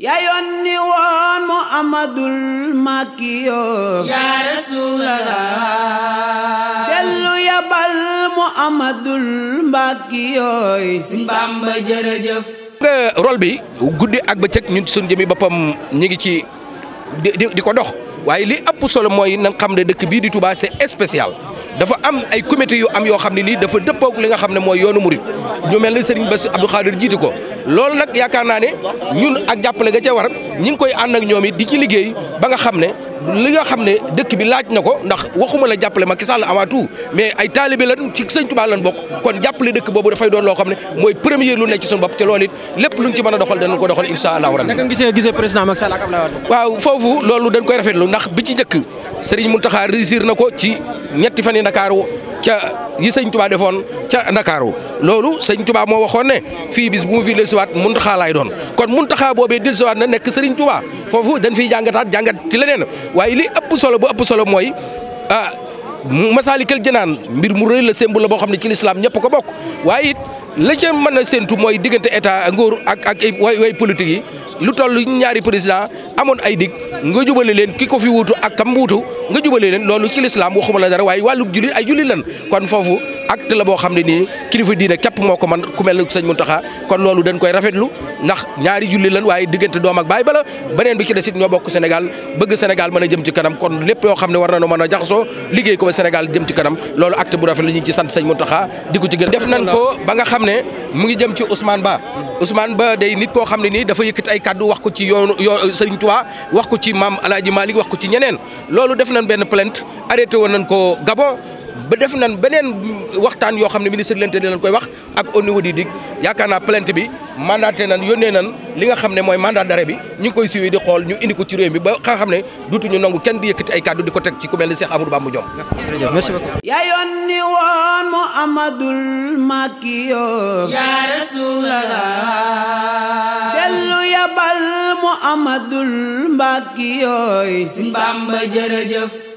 yaa yónni woon Muhammadul Makiyo yaa Rasulallah dellu yabal Muhammadul Makiyo si Bamba jërëjëf nga bi guddi ak bëccëg ñun suñ jëmi boppam ñu ngi ci di di ko dox waaye li ëpp solo mooy na xam ne dëkk bii di Touba c'est spécial dafa am ay comité yu am yoo xam ne nii dafa dëppoog li nga xam ne mooy yoonu murit ñu mel ni Serigne Bass Abdou Khadir jiite ko loolu nag yaakaar naa ne ñun ak jàppale nga ca war ñi ngi koy ànd ak ñoom it di ci liggéey ba nga xam ne li nga xam ne dëkk bi laaj na ko ndax waxuma la jàppale Macky Sall avant tout mais ay taalibe lan ci sëñ Tuubaa lan kon jàppale dëkk boobu dafay doon loo xam ne mooy premier lu nekk ci suñu bopp te loolu it lépp luñ ci mën a doxal danañ ko doxal incha allahu rabbi. naka nga gisee gisee président Macky Sall ak waaw foofu loolu dañ koy rafetlu ndax bi ci njëkk Serigne Mountakha réussir na ko ci ñetti fan yi Ndakaaru ca yi sëñ Touba defoon ca Ndakaaru loolu sëñ Touba moo waxoon ne fii bis bu mu fi dellusiwaat muntaxaa xaalaay doon kon xaa boobee dellusiwaat na nekk sëriñ Touba foofu dañ fiy jàngataat jàngat ci leneen waaye li ëpp solo bu ëpp solo mooy ah Masaalikal Jinaan mbir mu rëy la symbole la boo xam ne ci lislaam ñëpp ko bokk waaye it la ca mën a séentu mooy diggante état nguur ak ak way politique yi. lu toll ñaari président amoon ay dig nga jubale leen ki ko fi wuutu ak kam wuutu nga jubale leen loolu ci lislaam waxuma la dara waaye wàllu juli ay juli lan kon foofu acte la bo xamni ni kilifa diine kep moko man ku mel seigne muntaha kon loolu dañ koy rafetlu ndax ñaari julli lan waye diggante dom ak baay bala benen bi ci des it ñoo bokk senegal bëgg senegal mëna jëm ci kanam kon lepp yo xamni war na no mën a jaxasoo liggéey ko senegal jëm ci kanam loolu acte bu rafet la ñi ci sante seigne muntaha di ci gën def nañ ko ba nga xamne mu ngi jëm ci Ousmane Ba Ousmane Ba day nit ko xamni ni dafa yëkkati ay cadeau wax ko ci yoonu yoon Sëriñ wax ko ci mam aladji malik wax ko ci ñeneen loolu def nañ ben plainte arrêté won nañ ko Gabon ba def nan beneen waxtaan yoo xam ne ministre de l'intérieur lañ koy wax ak au niveau du DIC yaakaar naa plainte bi mandaté nan yónnee nan li nga xam ne mooy mandat d'arrêt bi ñu koy suivi di xool ñu indi ko ci réew mi ba nga xam ne duutuñu nangu kenn di yëkkati ay kàddu di ko teg ci ku mel ni Cheikh Amadou Bamba Diome. merci beaucoup. yaa yónni woon Muhammadul Makiyo. yaa Rasulallah. dellu yabal Muhammadul Makiyo. si Bamba jërëjëf.